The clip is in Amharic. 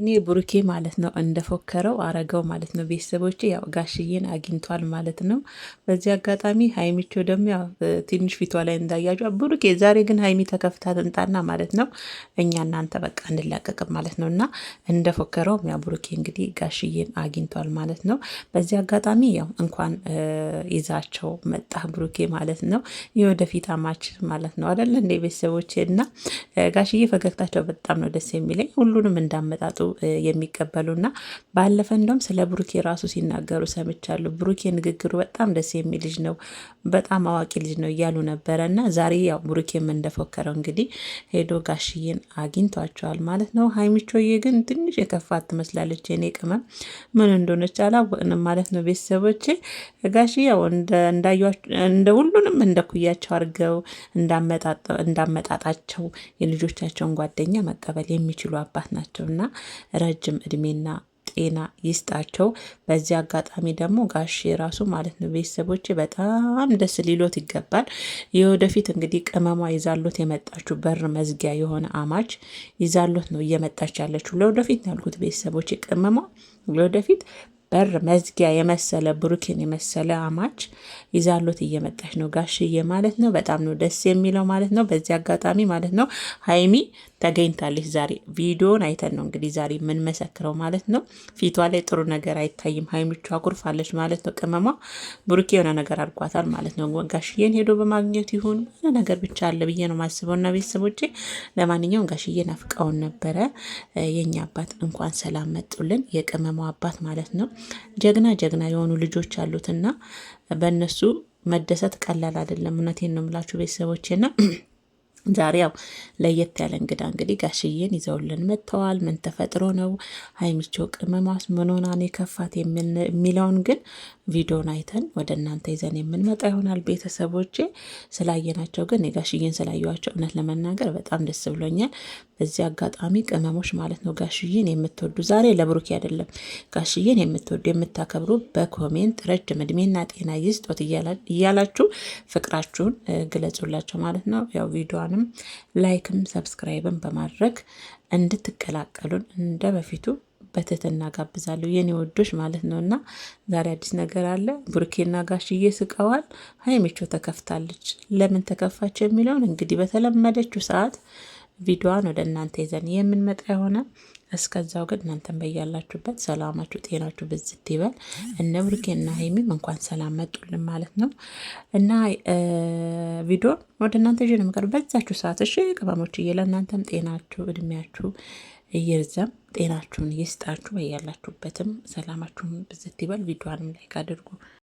እኔ ብሩኬ ማለት ነው እንደፎከረው አረገው ማለት ነው። ቤተሰቦቼ ያው ጋሽዬን አግኝቷል ማለት ነው። በዚህ አጋጣሚ ሀይሚቾ ደግሞ ያው ትንሽ ፊቷ ላይ እንዳያጇ ብሩኬ ዛሬ ግን ሀይሚ ተከፍታ ትንጣና ማለት ነው እኛ እናንተ በቃ እንላቀቅም ማለት ነው እና እንደፎከረውም ያው ብሩኬ እንግዲህ ጋሽዬን አግኝቷል ማለት ነው። በዚህ አጋጣሚ ያው እንኳን ይዛቸው መጣ ብሩኬ ማለት ነው። የወደፊት አማች ማለት ነው አደለ እንደ ቤተሰቦቼ እና ጋሽዬ ፈገግታቸው በጣም ነው ደስ የሚለኝ ሁሉንም እንዳመጣጡ የሚቀበሉና ባለፈ እንደውም ስለ ብሩኬ ራሱ ሲናገሩ ሰምቻለሁ። ብሩኬ ንግግሩ በጣም ደስ የሚል ልጅ ነው፣ በጣም አዋቂ ልጅ ነው እያሉ ነበረ እና ዛሬ ያው ብሩኬም እንደፎከረው እንግዲህ ሄዶ ጋሽዬን አግኝቷቸዋል ማለት ነው። ሀይሚቾዬ ግን ትንሽ የከፋ ትመስላለች። የኔ ቅመም ምን እንደሆነች አላወቅንም ማለት ነው። ቤተሰቦቼ ጋሽ ያው እንደ ሁሉንም እንደ ኩያቸው አድርገው እንዳመጣጣቸው የልጆቻቸውን ጓደኛ መቀበል የሚችሉ አባት ናቸው እና ረጅም እድሜና ጤና ይስጣቸው። በዚህ አጋጣሚ ደግሞ ጋሼ ራሱ ማለት ነው ቤተሰቦች በጣም ደስ ሊሎት ይገባል። የወደፊት እንግዲህ ቅመሟ ይዛሎት የመጣችው በር መዝጊያ የሆነ አማች ይዛሎት ነው እየመጣች ያለችው። ለወደፊት ያልኩት ቤተሰቦች ቅመሟ ለወደፊት በር መዝጊያ የመሰለ ብሩኬን የመሰለ አማች ይዛሎት እየመጣች ነው ጋሽዬ ማለት ነው። በጣም ነው ደስ የሚለው ማለት ነው። በዚህ አጋጣሚ ማለት ነው ሀይሚ ተገኝታለች ዛሬ። ቪዲዮን አይተን ነው እንግዲህ ዛሬ የምንመሰክረው ማለት ነው። ፊቷ ላይ ጥሩ ነገር አይታይም። ሀይሚቹ አኩርፋለች ማለት ነው። ቅመሟ ብሩኬ የሆነ ነገር አድርጓታል ማለት ነው። ጋሽዬን ሄዶ በማግኘት ይሁን የሆነ ነገር ብቻ አለ ብዬ ነው ማስበው። እና ቤተሰቦቼ ለማንኛውም ጋሽዬ ናፍቀውን ነበረ። የእኛ አባት እንኳን ሰላም መጡልን፣ የቅመማ አባት ማለት ነው። ጀግና ጀግና የሆኑ ልጆች አሉትና በእነሱ መደሰት ቀላል አይደለም። እውነቴን ነው የምላችሁ ና ዛሬ ያው ለየት ያለ እንግዳ እንግዲህ ጋሽዬን ይዘውልን መጥተዋል። ምን ተፈጥሮ ነው ሀይሚቾ ቅመማስ ምንሆናን የከፋት የሚለውን ግን ቪዲዮን አይተን ወደ እናንተ ይዘን የምንመጣ ይሆናል። ቤተሰቦቼ ስላየናቸው ግን የጋሽዬን ስላየዋቸው እውነት ለመናገር በጣም ደስ ብሎኛል። በዚህ አጋጣሚ ቅመሞች ማለት ነው ጋሽዬን የምትወዱ ዛሬ ለብሩኬ አይደለም ጋሽዬን የምትወዱ የምታከብሩ በኮሜንት ረጅም እድሜና ጤና ይስጦት እያላችሁ ፍቅራችሁን ግለጹላቸው ማለት ነው። ያው ቪዲዮንም ላይክም ሰብስክራይብም በማድረግ እንድትቀላቀሉን እንደ በፊቱ በትህትና ጋብዛለሁ የኔ ወዶች ማለት ነው። እና ዛሬ አዲስ ነገር አለ። ብሩኬና ጋሽዬ ስቀዋል፣ ሀይሚቾ ተከፍታለች። ለምን ተከፋች የሚለውን እንግዲህ በተለመደችው ሰዓት ቪዲዮዋን ወደ እናንተ ይዘን የምንመጣ የሆነ እስከዛው ግን እናንተን በያላችሁበት ሰላማችሁ ጤናችሁ ብዝት ይበል። እነ እና ሀይሚም እንኳን ሰላም መጡልን ማለት ነው እና ቪዲዮ ወደ እናንተ ይዤ ነው የምቀርብ በዛችሁ ሰዓት። እሺ ቅመሞች እየለ እናንተም ጤናችሁ እድሜያችሁ እየርዘም ጤናችሁን ይስጣችሁ። በያላችሁበትም ሰላማችሁን ብዝት ይበል። ቪዲዮንም ላይክ አድርጉ።